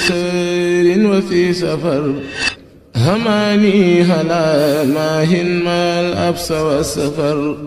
سير وفي سفر هماني هلا ماهن ما الأبس والسفر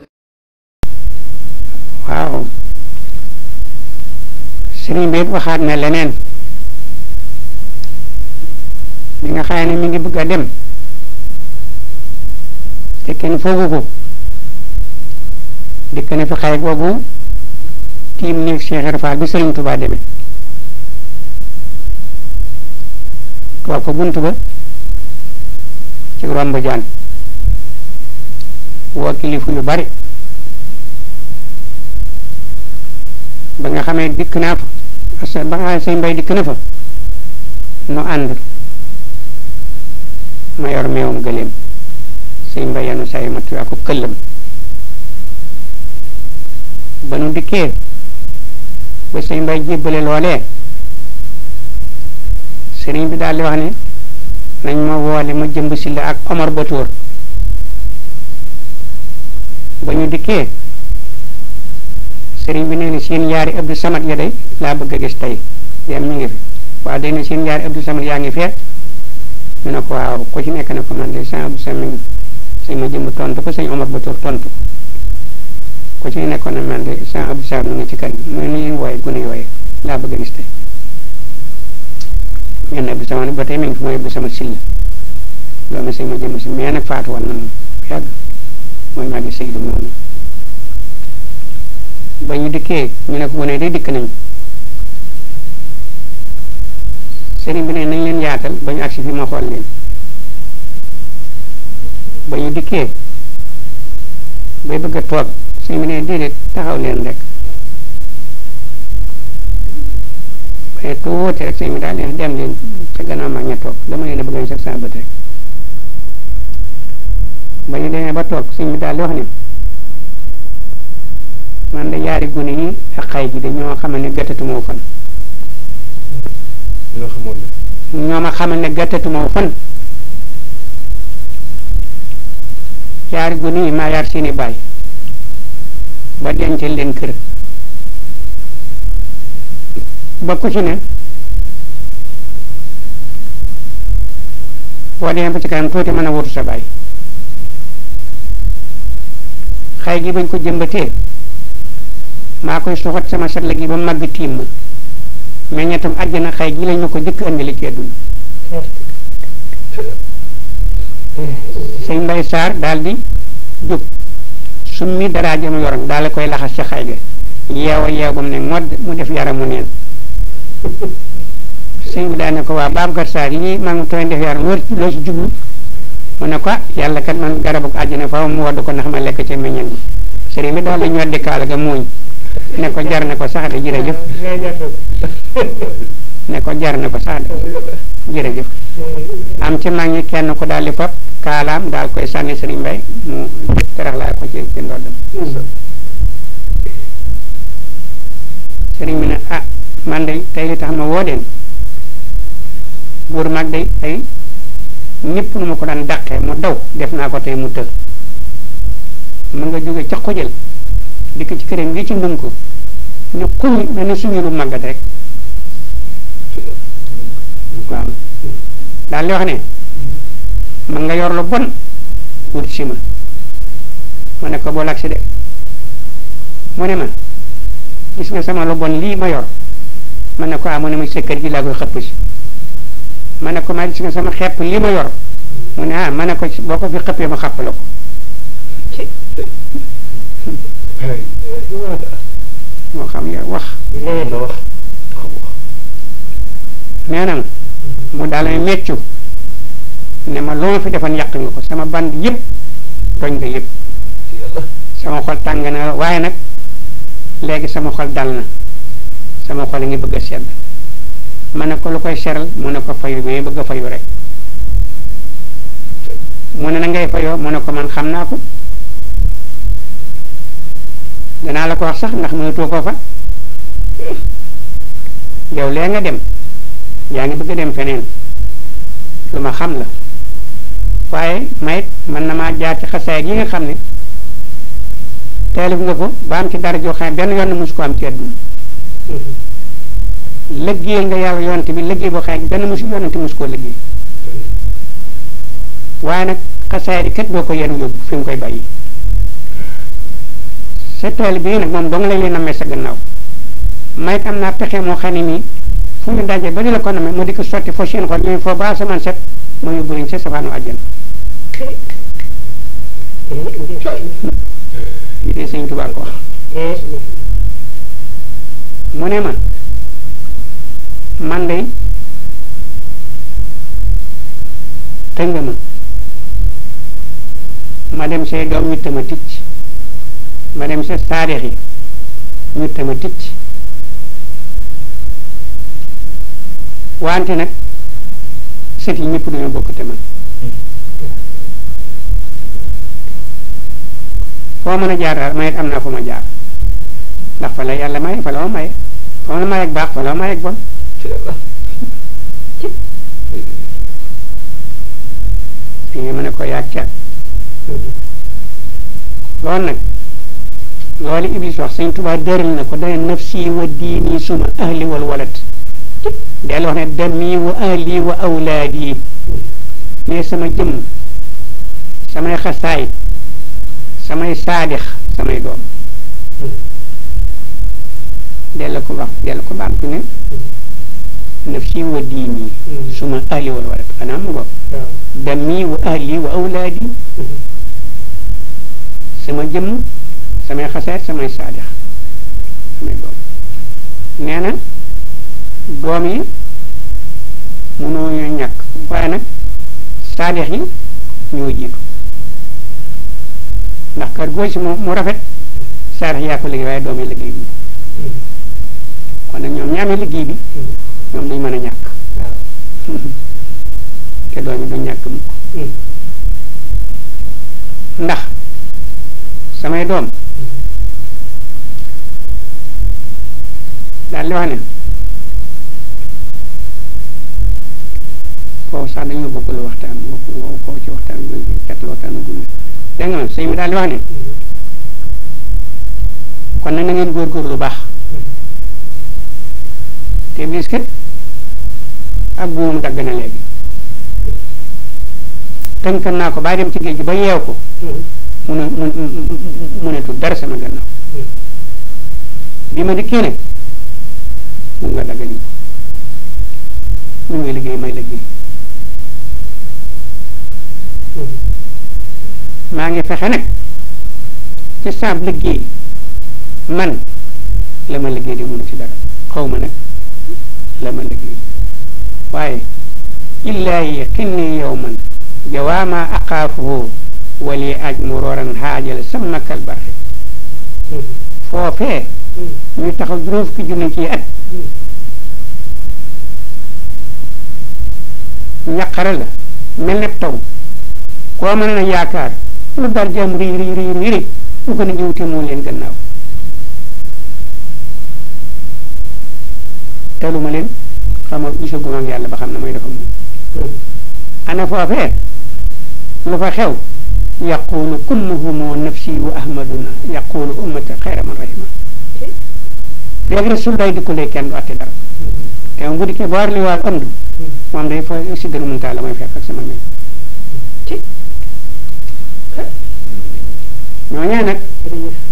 sëriñ bi it waxaat na leneen mi nga xaye ne mi ngi bëgg a dem te kenn foogu ko dikk na fi xay boobu tiim néeg Cheikh Rafaal bi sëriñ Tuubaa demee toog fa bunt ba ci romb jaan woo kilifa yu bari ba nga xamee dikk naa fa sa baxaay say mbay dikk na fa nu ànd ma yor meewum gëléem say mbay yanu say ma tuyaa ko këllam ba nu dikkee ba say mbay jébbale loolee sëriñ bi daal di wax ne nañ ma woole ma jëmb si ak Omar Batoor ba ñu dikkee sëriñ bi nee na seen ñaari Abdou Samad ya day laa bëgg a gis tey dem ñu ngi fi waaw day na seen yaa ngi fee ñu ne ko ci nekk na ko man de sëñ Abdou Samad sëñ ma jëmb tontu ko sëñ Omar Batour tontu ko ku nekkoon na man de sëñ Abdou mu ngi ci kan mu ne nii gune yooyu laa bëgg a gis tey ñu ne Abdou Samad ba tey mi ngi fi mooy Abdou Samad Sylla loolu sëñ ma jëmb si mais nag faatu woon na moom yàgg mooy maa ngi sëy du moom ba ñu dikkee ñu ne ko gone de dikk nañ sëriñ bi ne nañ leen yaatal ba ñu agsi fi ma xool leen ba ñu dikkee bay bëgg a toog sëriñ bi ne déedéet taxaw leen rek mais ku wóote rek sëriñ daal ne dem leen ca gannaaw mag ña toog dama leen a bëgg a ñu sax saa bët rek ba ñu demee ba toog sëriñ bi daal di wax ne man de yaari gune yi ak xay ji dañoo xam ne gàttatuma fan. ñoo ne. ñoo ma xamal ne gàttatuma fan. yaari gune yi maa yar seeni baay ba dencal leen kër ba ku ci ne boo demee ba ci kanam tuuti mën a wutu sa baay xay gi bañ ko jëmbatee. maa koy soxat sama satla gi ba màgg tiim ma meññetam àjjana xay gi lañ ma ko jëkk andili ci àdduna sëñ mbay saar daal di jóg summi daraa jëm yoroon daal di koy laxas ca xay ga yeewa yeewam ne modd mu def yaramu neen sëñ bi ne ko waa Babacar Sarr yi maa ngi tooy def yaram wër loo ci jublu mu ne ko ah, yàlla kat man garabu àjjana faaw mu wadd ko ndax ma lekk ca meññeen bi sëriñ bi daal di ñoddi kaala ga muuñ ne ko jar na ko sax de jërëjëf ne ko jar na ko sax de jërëjëf am ci mag ñi kenn ko daal di fab kaalaam daal koy sànni sëriñ Mbay mu terax laa ko ci ci ndoddam sëriñ bi ne ah man de tey li tax ma woo den buur mag de tey ñëpp lu ma ko daan dàqee mu daw def naa ko tey mu tël mu nga jóge ca xojal dikk ci këram ngi ci ndum ko ne xulli mel ni siñu lu màggat rek daal di wax ne man nga yor lu bon wut si ma ma ne ko boo lagsi de mu ne ma gis nga sama lu bon lii ma yor ma ne ko ah ne ma sa kër gi laa koy xëpp si ma ne ko maa gis nga sama xepp lii ma yor mu ne ah ma ne ko boo ko fi xëppee ma la ko loola moo xam ya wax loola wax nee na mu daal di meccu ne ma loo ma fi defoon yàq nga ko sama band yëpp doñ nga yëpp sama xol tàng na waaye nag léegi sama xol dal na sama xol a ngi bëgg a sedd ma ne ko lu koy seral mu ne ko fayu bëgg a fayu rek mu ne na ngay fayoo mu ne ko man xam naa ko danaa la ko wax sax ndax mënatoo ko fa yow lee nga dem yaa ngi bëgg a dem feneen lu ma xam la waaye mayit mën na maa jaar ci xasaay yi nga xam ne taalif nga ko ba am ci dara joo xam benn yoon na musu am ci àdduna lëggéey nga yàlla yonent bi lëggéey boo xam ne benn musu yonent musu koo lëggéey waaye nag xasaay yi kat boo ko yenu yóbbu fi mu koy bàyyi sa taali bii nag moom dong lay leen amee sa gannaaw may am naa pexe moo xam ne nii fu ñu daje ba di la ko namee mu di ko sotti foo seen xol ñooy foo ba asamaan set ma yóbbu mu ne ma man de tëj ma ma dem see doom ñu tëma ma dem sa taarix yi ñu tama ticc wante nag sët yi ñëpp dañoo bokk te man foo mën a jaar daal am naa fu ma jaar ndax fa la yàlla maye fa la ma maye fa ma maye ak baax fa la ma maye ak bon fi mën a ko yaag cat mm-hmm. loolu nag loolu Iblis wax sëñ Tuubaa dëral na ko dana nafsi wa diini suma ahli wal walad del wax ne dami wa ahli wa awlaad yi mais sama jëmm samay xasaay samay saadix samay doom della ko wax della ko baamtu ne nafsi wa diini suma ahli wal walad xanaa mu ko dami wa ahli wa awlaad yi sama jëmm samay xaseet samay saadix samay doom nee na doom yi mënuñu ñàkk waaye nag saadix yi ñoo jiitu ndax kër goo si mu rafet saadix yaa ko liggéey waaye doom yi liggéey bi kon nag ñoom ñaamee liggéey bi ñoom duñ mën a ñàkk te doom yi duñ ñàkk mukk mm. ndax samay doom daal di wax ne foofu sax dañoo bokkul waxtaan bokku woo ko ci waxtaan bu cat waxtaan bu gudd dégg nga sëñ bi lu baax te bis kat ak buum dagg na léegi tënkan naa ko baa dem ci géej gi ba yeew ko mu ne mu mu ne tudd dara sama gannaaw bi ma dikkee ne mun nga dagg nit ñu ngay liggéey may liggéey maa ngi fexe nag ci saab liggéey man la ma liggéey di mënu ci dara xaw ma nag la ma liggéey waaye illaa yaqinni yawman jawaama aqaafuhu wali aj murooran xaajal sama kalbarxi hmm. foofee hmm. ñu taxaw juróom fukki junni ci at ñaqare la mel ne taw koo mën a yaakaar lu dal jàmm rëy rëy rëy rëy rëy gannaaw telu ma leen xamal gisaguma ak yàlla ba xam ne mooy dafa moom ana foofee lu fa xew yaqulu kulluhum nafsi wa ahmaduna yaqulu ummati xayra man rahim ಬೇರೆ ಸುಳ್ಳಾಯ್ದುಕೊಂಡೇ ಕ್ಯಾನ್ ಅತ್ತಿದ್ದಾರೆ ಎಂಬುದಕ್ಕೆ ಬಾರ್ಲಿ ವಾರ ಒಂದು ಮಾಮೂಲಿ ಸಿದ್ಧರು ಮುಂತಾಲ ಮೈ ಫ್ಯಾಕರ್ ಸಂಬಂಧ ñooñee nag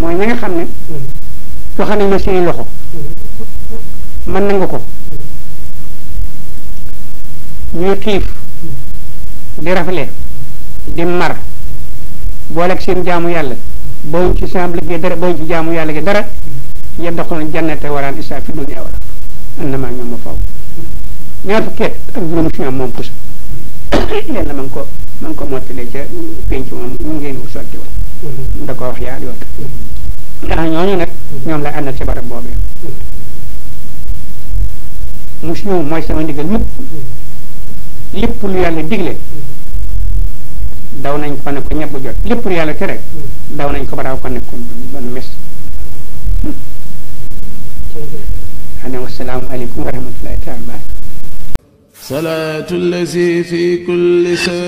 mooy ña nga xam ne la seeni loxo mën na nga ko ñuy xiif di rafle di mar booleeg seen jaamu yàlla bawuñ ci semble gi dara bawuñ ci jaamu yàlla gi dara yaddaxoon jannata waraan isaa fi dunya wala an na maa ñoom ma faw ñaar fukki ak juróom fi moom pusa yàlla ma ngi ko ma ko mottalee ca penc moom mu ngeen wu sotti woon mm-hmm. da ko wax yaa yoon mm-hmm. ndax ñooñu nag ñoom la àndal ca barab boobee mm-hmm. mu si mooy sama ndigal ñëpp lépp lu yàlla digle daw nañ ko ne ko ñebbu ko ba mes xanaa wasalaamualeykum wa rahmatullahi taala salaatu lazi fi kulli